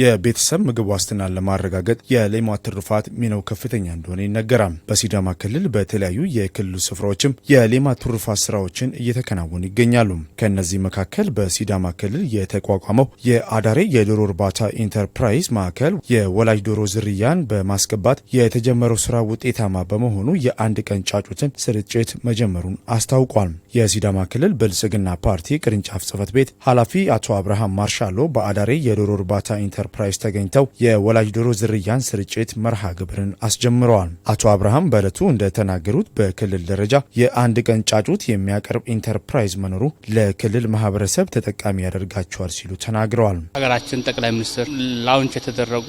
የቤተሰብ ምግብ ዋስትናን ለማረጋገጥ የሌማት ትሩፋት ሚናው ከፍተኛ እንደሆነ ይነገራል። በሲዳማ ክልል በተለያዩ የክልሉ ስፍራዎችም የሌማት ትሩፋት ስራዎችን እየተከናወኑ ይገኛሉ። ከእነዚህ መካከል በሲዳማ ክልል የተቋቋመው የአዳሬ የዶሮ እርባታ ኢንተርፕራይዝ ማዕከል የወላጅ ዶሮ ዝርያን በማስገባት የተጀመረው ስራ ውጤታማ በመሆኑ የአንድ ቀን ጫጩትን ስርጭት መጀመሩን አስታውቋል። የሲዳማ ክልል ብልጽግና ፓርቲ ቅርንጫፍ ጽህፈት ቤት ኃላፊ አቶ አብርሃም ማርሻሎ በአዳሬ የዶሮ እርባታ ኢንተር ኢንተርፕራይዝ ተገኝተው የወላጅ ዶሮ ዝርያን ስርጭት መርሃ ግብርን አስጀምረዋል። አቶ አብርሃም በዕለቱ እንደተናገሩት በክልል ደረጃ የአንድ ቀን ጫጩት የሚያቀርብ ኢንተርፕራይዝ መኖሩ ለክልል ማህበረሰብ ተጠቃሚ ያደርጋቸዋል ሲሉ ተናግረዋል። ሀገራችን ጠቅላይ ሚኒስትር ላውንች የተደረጉ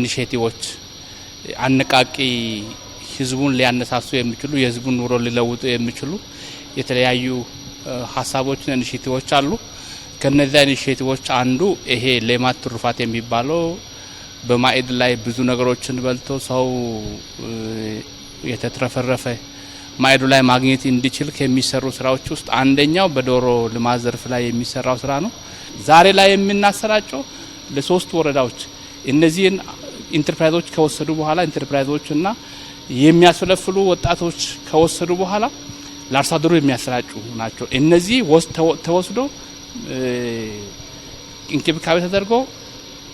ኢኒሽቲቮች አነቃቂ ህዝቡን ሊያነሳሱ የሚችሉ የህዝቡን ኑሮ ሊለውጡ የሚችሉ የተለያዩ ሀሳቦችና ኢኒሽቲቮች አሉ። ከነዚያ ኢኒሽቲቮች አንዱ ይሄ ሌማት ትሩፋት የሚባለው በማዕድ ላይ ብዙ ነገሮችን በልቶ ሰው የተትረፈረፈ ማዕዱ ላይ ማግኘት እንዲችል ከሚሰሩ ስራዎች ውስጥ አንደኛው በዶሮ ልማት ዘርፍ ላይ የሚሰራው ስራ ነው። ዛሬ ላይ የምናሰራጨው ለሶስት ወረዳዎች እነዚህን ኢንተርፕራይዞች ከወሰዱ በኋላ ኢንተርፕራይዞች እና የሚያስፈለፍሉ ወጣቶች ከወሰዱ በኋላ ለአርሶ አደሩ የሚያሰራጩ ናቸው። እነዚህ ተወስዶ እንክብካቤ ተደርጎ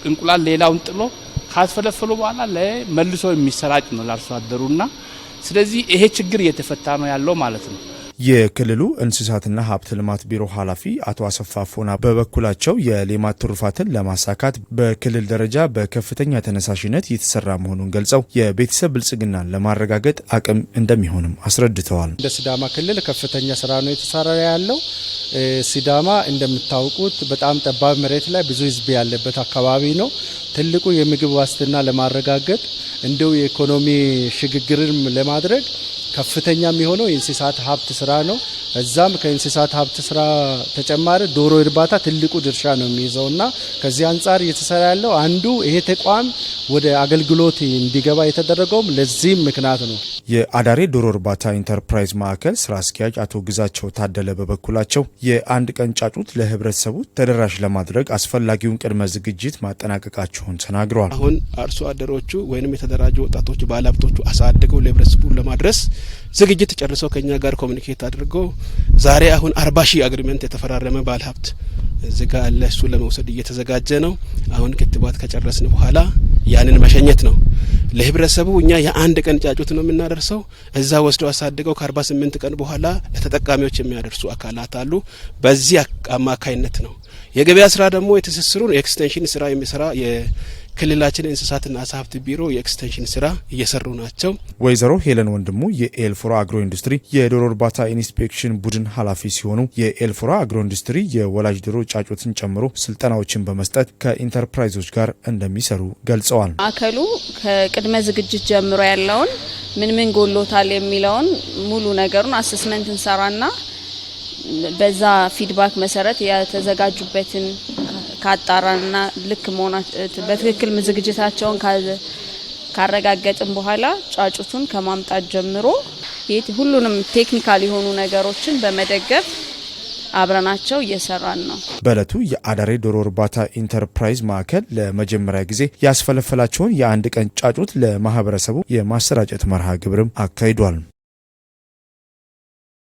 እንቁላል ሌላውን ጥሎ ካስፈለፈሉ በኋላ መልሶ የሚሰራጭ ነው ለአርሶ አደሩና። ስለዚህ ይሄ ችግር እየተፈታ ነው ያለው ማለት ነው። የክልሉ እንስሳትና ሀብት ልማት ቢሮ ኃላፊ አቶ አሰፋ ፎና በበኩላቸው የሌማት ትሩፋትን ለማሳካት በክልል ደረጃ በከፍተኛ ተነሳሽነት እየተሰራ መሆኑን ገልጸው የቤተሰብ ብልጽግናን ለማረጋገጥ አቅም እንደሚሆንም አስረድተዋል። እንደ ሲዳማ ክልል ከፍተኛ ስራ ነው የተሰራ ያለው። ሲዳማ እንደምታውቁት በጣም ጠባብ መሬት ላይ ብዙ ህዝብ ያለበት አካባቢ ነው። ትልቁ የምግብ ዋስትና ለማረጋገጥ እንዲሁ የኢኮኖሚ ሽግግርን ለማድረግ ከፍተኛ የሚሆነው የእንስሳት ሀብት ስራ ነው። እዛም ከእንስሳት ሀብት ስራ ተጨማሪ ዶሮ እርባታ ትልቁ ድርሻ ነው የሚይዘው እና ከዚህ አንጻር እየተሰራ ያለው አንዱ ይሄ ተቋም ወደ አገልግሎት እንዲገባ የተደረገውም ለዚህም ምክንያት ነው። የአዳሬ ዶሮ እርባታ ኢንተርፕራይዝ ማዕከል ስራ አስኪያጅ አቶ ግዛቸው ታደለ በበኩላቸው የአንድ ቀን ጫጩት ለህብረተሰቡ ተደራሽ ለማድረግ አስፈላጊውን ቅድመ ዝግጅት ማጠናቀቃቸውን ተናግረዋል። አሁን አርሶ አደሮቹ ወይም የተደራጁ ወጣቶች ባለሀብቶቹ አሳድገው ለህብረተሰቡ ለማድረስ ዝግጅት ጨርሰው ከኛ ጋር ኮሚኒኬት አድርገው ዛሬ አሁን አርባ ሺህ አግሪመንት የተፈራረመ ባለሀብት እዚህ አለ። እሱ ለመውሰድ እየተዘጋጀ ነው። አሁን ክትባት ከጨረስን በኋላ ያንን መሸኘት ነው። ለህብረተሰቡ እኛ የአንድ ቀን ጫጩት ነው የምናደርሰው። እዛ ወስደው አሳድገው ከአርባ ስምንት ቀን በኋላ ለተጠቃሚዎች የሚያደርሱ አካላት አሉ። በዚህ አማካይነት ነው የገበያ ስራ ደግሞ የትስስሩን የኤክስቴንሽን ስራ የሚሰራ ክልላችን እንስሳትና አሳ ሀብት ቢሮ የኤክስቴንሽን ስራ እየሰሩ ናቸው። ወይዘሮ ሄለን ወንድሙ የኤልፎራ አግሮ ኢንዱስትሪ የዶሮ እርባታ ኢንስፔክሽን ቡድን ኃላፊ ሲሆኑ የኤልፎሮ አግሮ ኢንዱስትሪ የወላጅ ዶሮ ጫጩትን ጨምሮ ስልጠናዎችን በመስጠት ከኢንተርፕራይዞች ጋር እንደሚሰሩ ገልጸዋል። ማዕከሉ ከቅድመ ዝግጅት ጀምሮ ያለውን ምን ምን ጎሎታል የሚለውን ሙሉ ነገሩን አሰስመንት እንሰራና በዛ ፊድባክ መሰረት የተዘጋጁበትን ካጣራንና ልክ በትክክል ዝግጅታቸውን ካረጋገጥን በኋላ ጫጩቱን ከማምጣት ጀምሮ ሁሉንም ቴክኒካል የሆኑ ነገሮችን በመደገፍ አብረናቸው እየሰራን ነው። በእለቱ የአዳሬ ዶሮ እርባታ ኢንተርፕራይዝ ማዕከል ለመጀመሪያ ጊዜ ያስፈለፈላቸውን የአንድ ቀን ጫጩት ለማህበረሰቡ የማሰራጨት መርሃ ግብርም አካሂዷል።